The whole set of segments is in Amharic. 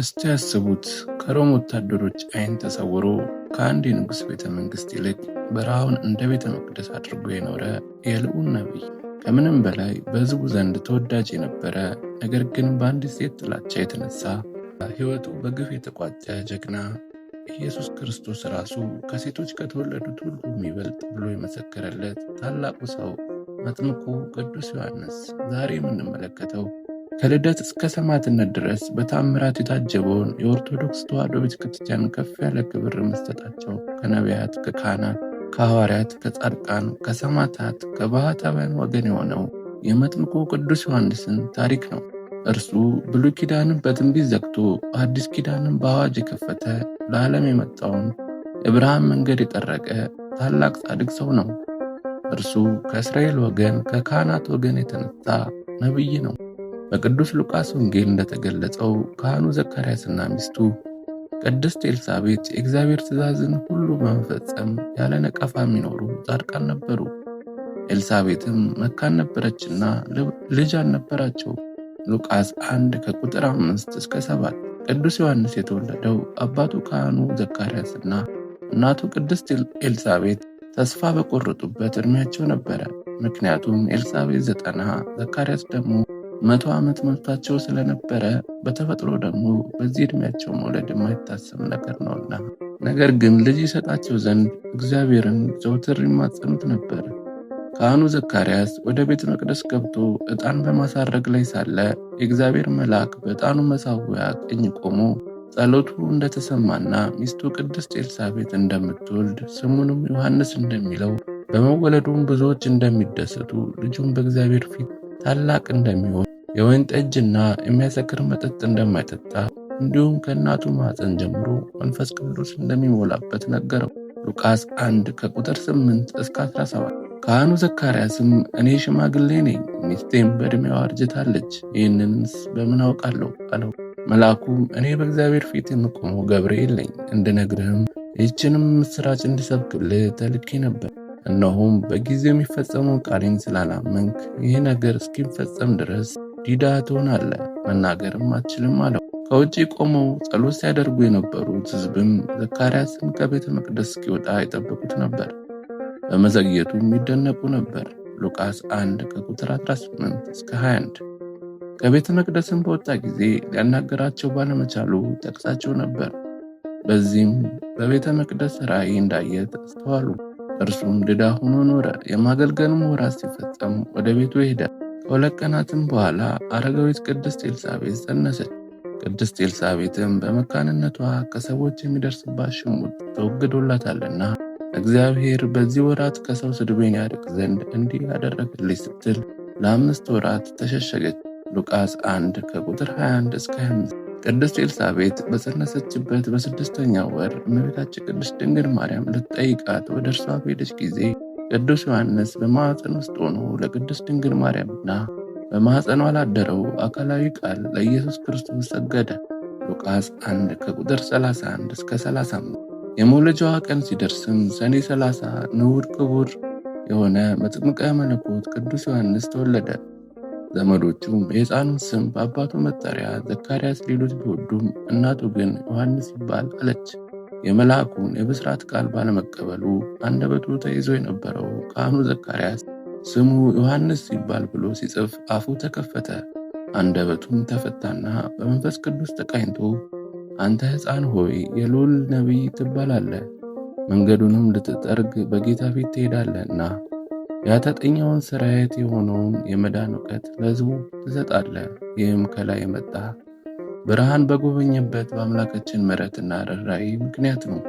እስቲ ያስቡት ከሮም ወታደሮች አይን ተሰውሮ ከአንድ የንጉሥ ቤተ መንግሥት ይልቅ በረሃውን እንደ ቤተ መቅደስ አድርጎ የኖረ የልዑል ነቢይ፣ ከምንም በላይ በሕዝቡ ዘንድ ተወዳጅ የነበረ ነገር ግን በአንዲት ሴት ጥላቻ የተነሳ ሕይወቱ በግፍ የተቋጨ ጀግና ኢየሱስ ክርስቶስ ራሱ ከሴቶች ከተወለዱት ሁሉ የሚበልጥ ብሎ የመሰከረለት ታላቁ ሰው መጥምቁ ቅዱስ ዮሐንስ ዛሬ የምንመለከተው ከልደት እስከ ሰማዕትነት ድረስ በታምራት የታጀበውን የኦርቶዶክስ ተዋሕዶ ቤተ ክርስቲያን ከፍ ያለ ክብር መስጠታቸው ከነቢያት፣ ከካህናት፣ ከሐዋርያት፣ ከጻድቃን፣ ከሰማዕታት፣ ከባሕታውያን ወገን የሆነው የመጥምቁ ቅዱስ ዮሐንስን ታሪክ ነው። እርሱ ብሉይ ኪዳንን በትንቢት ዘግቶ አዲስ ኪዳንን በአዋጅ የከፈተ ለዓለም የመጣውን የብርሃን መንገድ የጠረቀ ታላቅ ጻድቅ ሰው ነው። እርሱ ከእስራኤል ወገን ከካህናት ወገን የተነሳ ነቢይ ነው። በቅዱስ ሉቃስ ወንጌል እንደተገለጸው ካህኑ ዘካርያስና ሚስቱ ቅድስት ኤልሳቤት የእግዚአብሔር ትእዛዝን ሁሉ በመፈጸም ያለ ነቀፋ የሚኖሩ ጻድቃን ነበሩ። ኤልሳቤትም መካን ነበረችና ልጅ አልነበራቸው። ሉቃስ 1 ከቁጥር 5 እስከ 7። ቅዱስ ዮሐንስ የተወለደው አባቱ ካህኑ ዘካርያስና እናቱ ቅድስት ኤልሳቤት ተስፋ በቆረጡበት ዕድሜያቸው ነበረ። ምክንያቱም ኤልሳቤት ዘጠና ዘካርያስ ደግሞ መቶ ዓመት መብታቸው ስለነበረ በተፈጥሮ ደግሞ በዚህ ዕድሜያቸው መውለድ የማይታሰብ ነገር ነውና፣ ነገር ግን ልጅ ይሰጣቸው ዘንድ እግዚአብሔርን ዘውትር ይማጸኑት ነበር። ካህኑ ዘካርያስ ወደ ቤተ መቅደስ ገብቶ ዕጣን በማሳረግ ላይ ሳለ የእግዚአብሔር መልአክ በዕጣኑ መሳዊያ ቀኝ ቆሞ ጸሎቱ እንደተሰማና ሚስቱ ቅድስት ኤልሳቤጥ እንደምትወልድ ስሙንም ዮሐንስ እንደሚለው በመወለዱም ብዙዎች እንደሚደሰቱ ልጁም በእግዚአብሔር ፊት ታላቅ እንደሚሆን የወይን ጠጅና የሚያሰክር መጠጥ እንደማይጠጣ እንዲሁም ከእናቱ ማፀን ጀምሮ መንፈስ ቅዱስ እንደሚሞላበት ነገረው። ሉቃስ 1 ከቁጥር 8 እስከ 17። ካህኑ ዘካርያስም እኔ ሽማግሌ ነኝ፣ ሚስቴም በዕድሜዋ አርጅታለች፣ ይህንንስ በምን አውቃለሁ አለው። መልአኩም እኔ በእግዚአብሔር ፊት የምቆመው ገብርኤል ነኝ፣ እንድነግርህም ይህችንም ምስራች እንድሰብክልህ ተልኬ ነበር። እነሆም በጊዜው የሚፈጸመው ቃሌን ስላላመንክ ይህ ነገር እስኪፈጸም ድረስ ዲዳ ትሆናለህ፣ መናገርም አትችልም አለው። ከውጭ ቆመው ጸሎት ሲያደርጉ የነበሩት ሕዝብም ዘካርያስን ከቤተ መቅደስ እስኪወጣ የጠበቁት ነበር። በመዘግየቱም ይደነቁ ነበር። ሉቃስ 1 ከቁጥር 18 እስከ 21። ከቤተ መቅደስም በወጣ ጊዜ ሊያናገራቸው ባለመቻሉ ጠቅሳቸው ነበር። በዚህም በቤተ መቅደስ ራእይ እንዳየ አስተዋሉ። እርሱም ድዳ ሆኖ ኖረ። የማገልገልም ወራት ሲፈጸም ወደ ቤቱ ይሄዳል። ከሁለት ቀናትም በኋላ አረጋዊት ቅድስት ኤልሳቤት ጸነሰች። ቅድስት ኤልሳቤትም በመካንነቷ ከሰዎች የሚደርስባት ሽሙጥ ተወግዶላታልና እግዚአብሔር በዚህ ወራት ከሰው ስድቤን ያድቅ ዘንድ እንዲህ ያደረግልኝ ስትል ለአምስት ወራት ተሸሸገች። ሉቃስ 1 ከቁጥር 21 እስከ 25 ቅድስት ኤልሳቤት በጸነሰችበት በስድስተኛው ወር እመቤታችን ቅድስት ድንግል ማርያም ልትጠይቃት ወደ እርሷ በሄደች ጊዜ ቅዱስ ዮሐንስ በማኅፀን ውስጥ ሆኖ ለቅድስት ድንግል ማርያምና በማኅፀኗ ላደረው አካላዊ ቃል ለኢየሱስ ክርስቶስ ሰገደ። ሉቃስ 1 ከቁጥር 31 እስከ 35። የመውለጃዋ ቀን ሲደርስም ሰኔ 30 ንዑድ ክቡር የሆነ መጥምቀ መለኮት ቅዱስ ዮሐንስ ተወለደ። ዘመዶቹም የሕፃኑን ስም በአባቱ መጠሪያ ዘካርያስ ሊሉት ቢወዱም እናቱ ግን ዮሐንስ ይባል አለች። የመልአኩን የብስራት ቃል ባለመቀበሉ አንደበቱ ተይዞ የነበረው ካህኑ ዘካርያስ ስሙ ዮሐንስ ሲባል ብሎ ሲጽፍ አፉ ተከፈተ፣ አንደበቱም ተፈታና በመንፈስ ቅዱስ ተቃኝቶ አንተ ሕፃን ሆይ የልዑል ነቢይ ትባላለህ፣ መንገዱንም ልትጠርግ በጌታ ፊት ትሄዳለህና ያተጠኛውን ስርየት የሆነውን የመዳን እውቀት ለሕዝቡ ትሰጣለህ። ይህም ከላይ የመጣ ብርሃን በጎበኘበት በአምላካችን ምሕረትና ርኅራኄ ምክንያት ነው።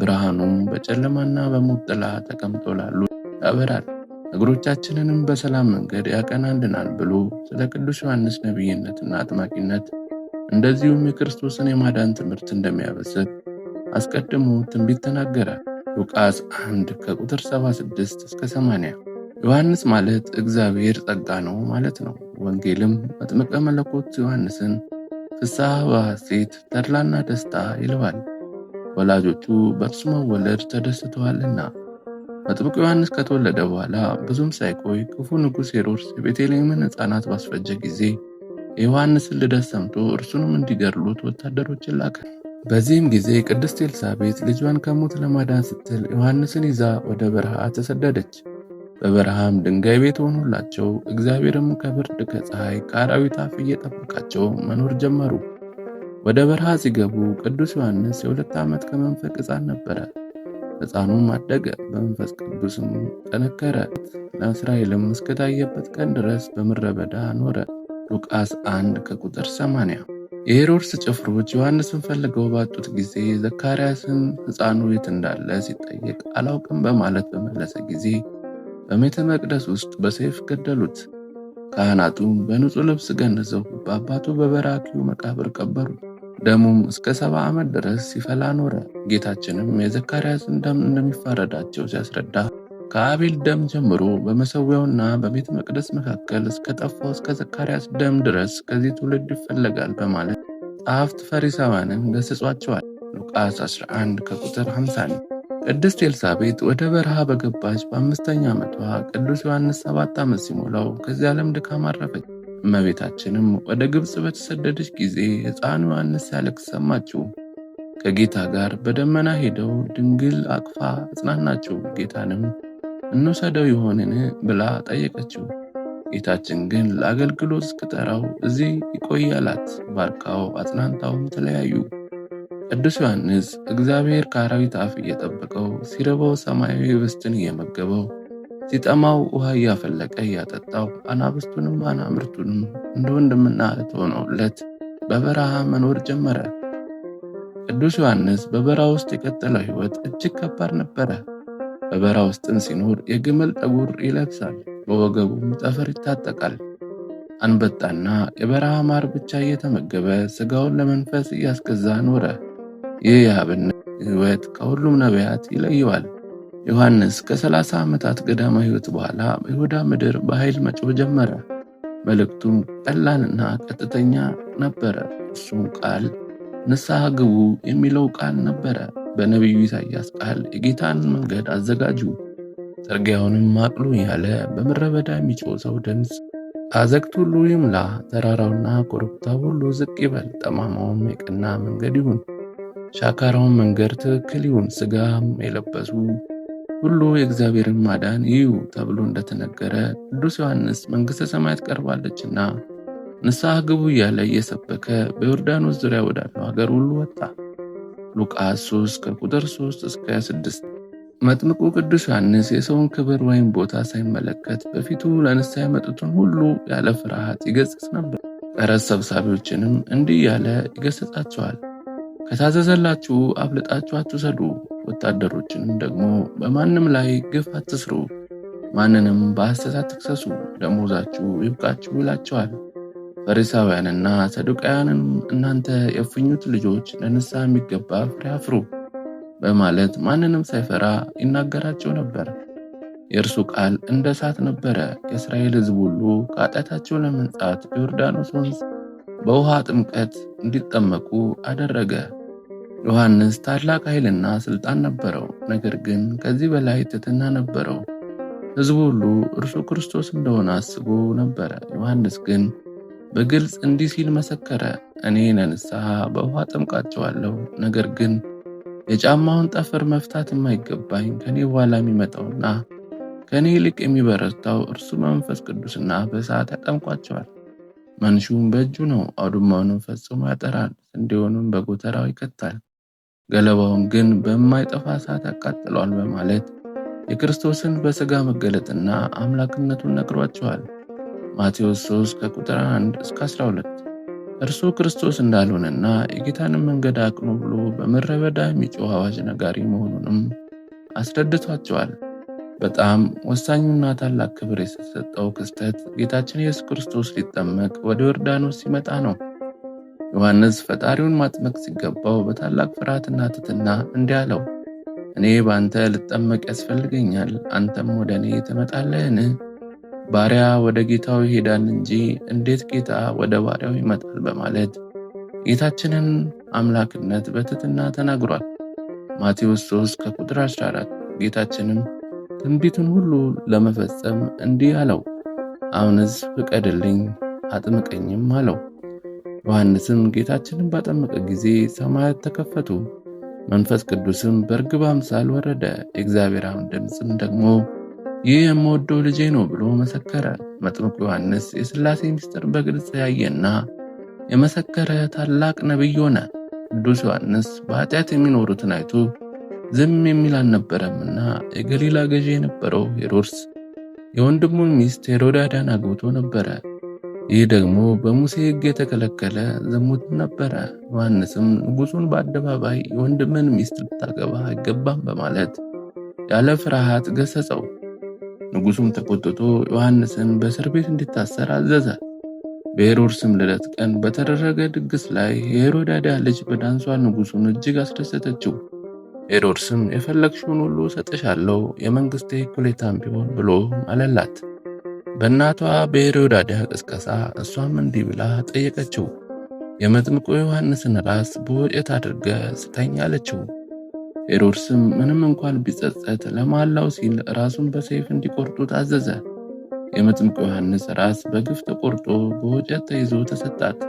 ብርሃኑም በጨለማና በሙት ጥላ ተቀምጦ ላሉ ያበራል፣ እግሮቻችንንም በሰላም መንገድ ያቀናልናል ብሎ ስለ ቅዱስ ዮሐንስ ነቢይነትና አጥማቂነት እንደዚሁም የክርስቶስን የማዳን ትምህርት እንደሚያበስር አስቀድሞ ትንቢት ተናገረ። ሉቃስ 1 ከቁጥር 76 እስከ 80። ዮሐንስ ማለት እግዚአብሔር ጸጋ ነው ማለት ነው። ወንጌልም መጥምቀ መለኮት ዮሐንስን ፍስሐ በሐሴት ተድላና ደስታ ይልባል። ወላጆቹ በእርሱ መወለድ ተደስተዋልና። መጥምቁ ዮሐንስ ከተወለደ በኋላ ብዙም ሳይቆይ ክፉ ንጉሥ ሄሮድስ የቤተልሔምን ሕፃናት ባስፈጀ ጊዜ የዮሐንስን ልደት ሰምቶ እርሱንም እንዲገድሉት ወታደሮችን ላከ። በዚህም ጊዜ ቅድስት ኤልሳቤት ልጇን ከሞት ለማዳን ስትል ዮሐንስን ይዛ ወደ በረሃ ተሰደደች። በበረሃም ድንጋይ ቤት ሆኖላቸው እግዚአብሔርም ከብርድ ከፀሐይ ከአራዊት አፍ እየጠበቃቸው መኖር ጀመሩ። ወደ በረሃ ሲገቡ ቅዱስ ዮሐንስ የሁለት ዓመት ከመንፈቅ ሕፃን ነበረ። ሕፃኑም አደገ፣ በመንፈስ ቅዱስም ጠነከረ። ለእስራኤልም እስከታየበት ቀን ድረስ በምድረ በዳ ኖረ። ሉቃስ 1 ከቁጥር 80። የሄሮድስ ጭፍሮች ዮሐንስን ፈልገው ባጡት ጊዜ ዘካርያስን ሕፃኑ የት እንዳለ ሲጠየቅ አላውቅም በማለት በመለሰ ጊዜ በቤተ መቅደስ ውስጥ በሰይፍ ገደሉት። ካህናቱም በንጹሕ ልብስ ገንዘው በአባቱ በበራኪው መቃብር ቀበሩ። ደሙም እስከ ሰባ ዓመት ድረስ ሲፈላ ኖረ። ጌታችንም የዘካርያስን ደም እንደሚፋረዳቸው ሲያስረዳ ከአቤል ደም ጀምሮ በመሰዊያውና በቤተ መቅደስ መካከል እስከ ጠፋው እስከ ዘካርያስ ደም ድረስ ከዚህ ትውልድ ይፈለጋል በማለት ጸሐፍት ፈሪሳውያንን ገስጿቸዋል። ሉቃስ 11 ከቁጥር 50 ቅድስት ኤልሳቤጥ ወደ በረሃ በገባች በአምስተኛ ዓመቷ ቅዱስ ዮሐንስ ሰባት ዓመት ሲሞላው ከዚህ ዓለም ድካም አረፈች። እመቤታችንም ወደ ግብፅ በተሰደደች ጊዜ ሕፃኑ ዮሐንስ ሲያለቅስ ሰማችው። ከጌታ ጋር በደመና ሄደው ድንግል አቅፋ አጽናናችው። ጌታንም እንውሰደው ይሆንን ብላ ጠየቀችው። ጌታችን ግን ለአገልግሎት እስክጠራው እዚህ ይቆያላት ባርካው አጽናንታውም ተለያዩ። ቅዱስ ዮሐንስ እግዚአብሔር ከአራዊት አፍ እየጠበቀው ሲርበው ሰማያዊ ህብስትን እየመገበው ሲጠማው ውሃ እያፈለቀ እያጠጣው አናብስቱንም አናምርቱንም እንደ ወንድምና እህት ሆነውለት በበረሃ መኖር ጀመረ። ቅዱስ ዮሐንስ በበረሃ ውስጥ የቀጠለው ህይወት እጅግ ከባድ ነበረ። በበረሃ ውስጥን ሲኖር የግመል ጠጉር ይለብሳል፣ በወገቡም ጠፈር ይታጠቃል። አንበጣና የበረሃ ማር ብቻ እየተመገበ ስጋውን ለመንፈስ እያስገዛ ኖረ። ይህ የአብነት ሕይወት ከሁሉም ነቢያት ይለየዋል። ዮሐንስ ከሰላሳ ዓመታት ገዳማ ሕይወት በኋላ በይሁዳ ምድር በኃይል መጮህ ጀመረ። መልእክቱም ቀላልና ቀጥተኛ ነበረ። እሱም ቃል ንስሐ ግቡ የሚለው ቃል ነበረ። በነቢዩ ኢሳያስ ቃል የጌታን መንገድ አዘጋጁ፣ ጥርጊያውንም አቅኑ ያለ በምድረ በዳ የሚጮህ ሰው ድምፅ አዘግት ሁሉ ይምላ፣ ተራራውና ኮረብታው ሁሉ ዝቅ ይበል፣ ጠማማውም የቀና መንገድ ይሁን ሻካራውን መንገድ ትክክልውን ስጋም የለበሱ ሁሉ የእግዚአብሔርን ማዳን ይዩ ተብሎ እንደተነገረ ቅዱስ ዮሐንስ መንግሥተ ሰማያት ቀርባለችና ንስሐ ግቡ እያለ እየሰበከ በዮርዳኖስ ዙሪያ ወዳለው ሀገር ሁሉ ወጣ። ሉቃስ 3 ከቁጥር 3 እስከ 6። መጥምቁ ቅዱስ ዮሐንስ የሰውን ክብር ወይም ቦታ ሳይመለከት በፊቱ ለንስሐ የመጡትን ሁሉ ያለ ፍርሃት ይገጽጽ ነበር። ቀረጥ ሰብሳቢዎችንም እንዲህ እያለ ይገሰጻቸዋል። ከታዘዘላችሁ አፍልጣችሁ አትውሰዱ፣ ወታደሮችንም ደግሞ በማንም ላይ ግፍ አትስሩ፣ ማንንም በሐሰት አትክሰሱ፣ ደሞዛችሁ ይብቃችሁ ይላቸዋል። ፈሪሳውያንና ሰዱቃውያንም እናንተ የእፉኝት ልጆች ለንስሐ የሚገባ ፍሬ አፍሩ በማለት ማንንም ሳይፈራ ይናገራቸው ነበር። የእርሱ ቃል እንደ እሳት ነበረ። የእስራኤል ሕዝብ ሁሉ ከኃጢአታቸው ለመንጻት ዮርዳኖስ ወንዝ በውሃ ጥምቀት እንዲጠመቁ አደረገ። ዮሐንስ ታላቅ ኃይልና ሥልጣን ነበረው፣ ነገር ግን ከዚህ በላይ ትሕትና ነበረው። ሕዝቡ ሁሉ እርሱ ክርስቶስ እንደሆነ አስቦ ነበረ። ዮሐንስ ግን በግልጽ እንዲህ ሲል መሰከረ፣ እኔ ለንስሐ በውሃ ጠምቃቸዋለሁ፣ ነገር ግን የጫማውን ጠፍር መፍታት የማይገባኝ ከኔ በኋላ የሚመጣውና ከእኔ ይልቅ የሚበረታው እርሱ መንፈስ ቅዱስና በእሳት ያጠምቋቸዋል። መንሹም በእጁ ነው። አውድማውንም ፈጽሞ ያጠራል፣ ስንዴውንም በጎተራው ይከታል፣ ገለባውን ግን በማይጠፋ እሳት ያቃጥለዋል በማለት የክርስቶስን በሥጋ መገለጥና አምላክነቱን ነግሯቸዋል። ማቴዎስ 3 ከቁጥር 1 እስከ 12 እርሱ ክርስቶስ እንዳልሆነና የጌታንም መንገድ አቅኑ ብሎ በምድረ በዳ የሚጮህ አዋጅ ነጋሪ መሆኑንም አስረድቷቸዋል። በጣም ወሳኙና ታላቅ ክብር የተሰጠው ክስተት ጌታችን ኢየሱስ ክርስቶስ ሊጠመቅ ወደ ዮርዳኖስ ሲመጣ ነው። ዮሐንስ ፈጣሪውን ማጥመቅ ሲገባው በታላቅ ፍርሃትና ትትና እንዲህ አለው፣ እኔ በአንተ ልጠመቅ ያስፈልገኛል፣ አንተም ወደ እኔ ትመጣለህን? ባሪያ ወደ ጌታው ይሄዳል እንጂ እንዴት ጌታ ወደ ባሪያው ይመጣል? በማለት ጌታችንን አምላክነት በትትና ተናግሯል። ማቴዎስ 3 ከቁጥር 14 ጌታችንም ትንቢትን ሁሉ ለመፈጸም እንዲህ አለው፣ አሁንስ ፍቀድልኝ አጥምቀኝም አለው። ዮሐንስም ጌታችንን ባጠመቀ ጊዜ ሰማያት ተከፈቱ፣ መንፈስ ቅዱስም በርግብ አምሳል ወረደ። የእግዚአብሔር ድምፅም ደግሞ ይህ የምወደው ልጄ ነው ብሎ መሰከረ። መጥምቁ ዮሐንስ የሥላሴ ምስጢር በግልጽ ያየና የመሰከረ ታላቅ ነቢይ ሆነ። ቅዱስ ዮሐንስ በኃጢአት የሚኖሩትን አይቶ ዝም የሚል አልነበረም እና የገሊላ ገዢ የነበረው ሄሮድስ የወንድሙን ሚስት ሄሮዳዳን አግብቶ ነበረ። ይህ ደግሞ በሙሴ ሕግ የተከለከለ ዝሙት ነበረ። ዮሐንስም ንጉሱን በአደባባይ የወንድምን ሚስት ልታገባ አይገባም በማለት ያለ ፍርሃት ገሰጸው። ንጉሱም ተቆጥቶ ዮሐንስን በእስር ቤት እንዲታሰር አዘዘ። በሄሮድስም ልደት ቀን በተደረገ ድግስ ላይ የሄሮዳዳ ልጅ በዳንሷ ንጉሱን እጅግ አስደሰተችው። ሄሮድስም የፈለግሽውን ሁሉ ሰጥሻለሁ የመንግሥቴ እኩሌታም ቢሆን ብሎ አለላት። በእናቷ በሄሮዳዳ ቅስቀሳ እሷም እንዲህ ብላ ጠየቀችው። የመጥምቁ ዮሐንስን ራስ በወጭት አድርገ ስጠኝ አለችው። ሄሮድስም ምንም እንኳን ቢጸጸት ለማላው ሲል ራሱን በሰይፍ እንዲቆርጡ ታዘዘ። የመጥምቁ ዮሐንስ ራስ በግፍ ተቆርጦ በወጭት ተይዞ ተሰጣት።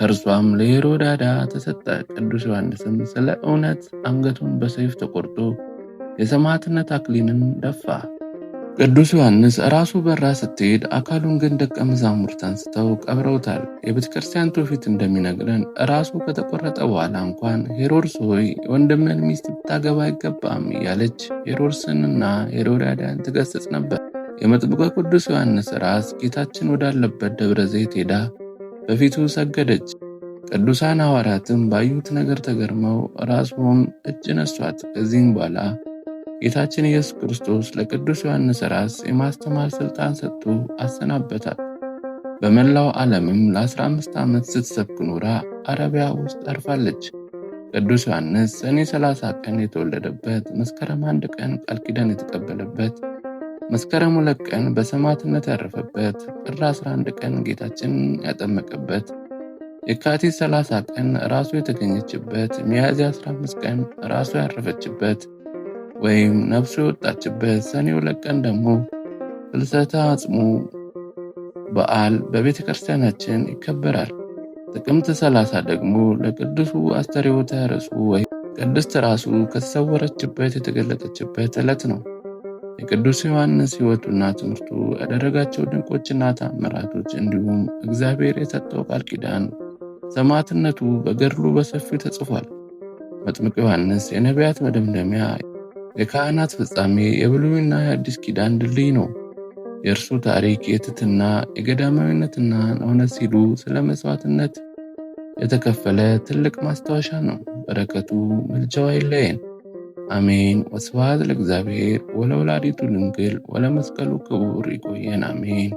ከእርሷም ለሄሮዳዳ ተሰጠ። ቅዱስ ዮሐንስም ስለ እውነት አንገቱን በሰይፍ ተቆርጦ የሰማዕትነት አክሊንን ደፋ። ቅዱስ ዮሐንስ ራሱ በራ ስትሄድ፣ አካሉን ግን ደቀ መዛሙርት አንስተው ቀብረውታል። የቤተ ክርስቲያን ትውፊት እንደሚነግረን ራሱ ከተቆረጠ በኋላ እንኳን ሄሮድስ ሆይ ወንድምን ሚስት ብታገባ አይገባም እያለች ሄሮድስንና ሄሮዳዳን ትገስጽ ነበር። የመጥምቀ ቅዱስ ዮሐንስ ራስ ጌታችን ወዳለበት ደብረ ዘይት ሄዳ በፊቱ ሰገደች። ቅዱሳን ሐዋርያትም ባዩት ነገር ተገርመው ራስዎን እጅ ነሷት። ከዚህም በኋላ ጌታችን ኢየሱስ ክርስቶስ ለቅዱስ ዮሐንስ ራስ የማስተማር ሥልጣን ሰጥቶ አሰናበታት። በመላው ዓለምም ለ15 ዓመት ስትሰብክ ኖራ አረቢያ ውስጥ አርፋለች። ቅዱስ ዮሐንስ ሰኔ 30 ቀን የተወለደበት መስከረም አንድ ቀን ቃል ኪዳን የተቀበለበት መስከረም ሁለት ቀን በሰማዕትነት ያረፈበት፣ ጥር 11 ቀን ጌታችን ያጠመቀበት፣ የካቲት 30 ቀን ራሱ የተገኘችበት፣ ሚያዝያ 15 ቀን ራሱ ያረፈችበት ወይም ነፍሱ የወጣችበት፣ ሰኔ ሁለት ቀን ደግሞ ፍልሰተ አጽሙ በዓል በቤተ ክርስቲያናችን ይከበራል። ጥቅምት 30 ደግሞ ለቅዱሱ አስተርእዮተ ርዕሱ ወይም ቅድስት ራሱ ከተሰወረችበት የተገለጠችበት ዕለት ነው። የቅዱስ ዮሐንስ ሕይወቱና ትምህርቱ ያደረጋቸው ድንቆችና ታምራቶች እንዲሁም እግዚአብሔር የሰጠው ቃል ኪዳን ሰማዕትነቱ በገድሉ በሰፊው ተጽፏል። መጥምቅ ዮሐንስ የነቢያት መደምደሚያ፣ የካህናት ፍጻሜ፣ የብሉይና የአዲስ ኪዳን ድልድይ ነው። የእርሱ ታሪክ የትትና የገዳማዊነትና እውነት ሲሉ ስለ መስዋዕትነት የተከፈለ ትልቅ ማስታወሻ ነው። በረከቱ ምልጃው አይለየን። አሜን። ወስብሐት ለእግዚአብሔር ወለወላዲቱ ድንግል ወለመስቀሉ ክቡር። ይቆየን። አሜን።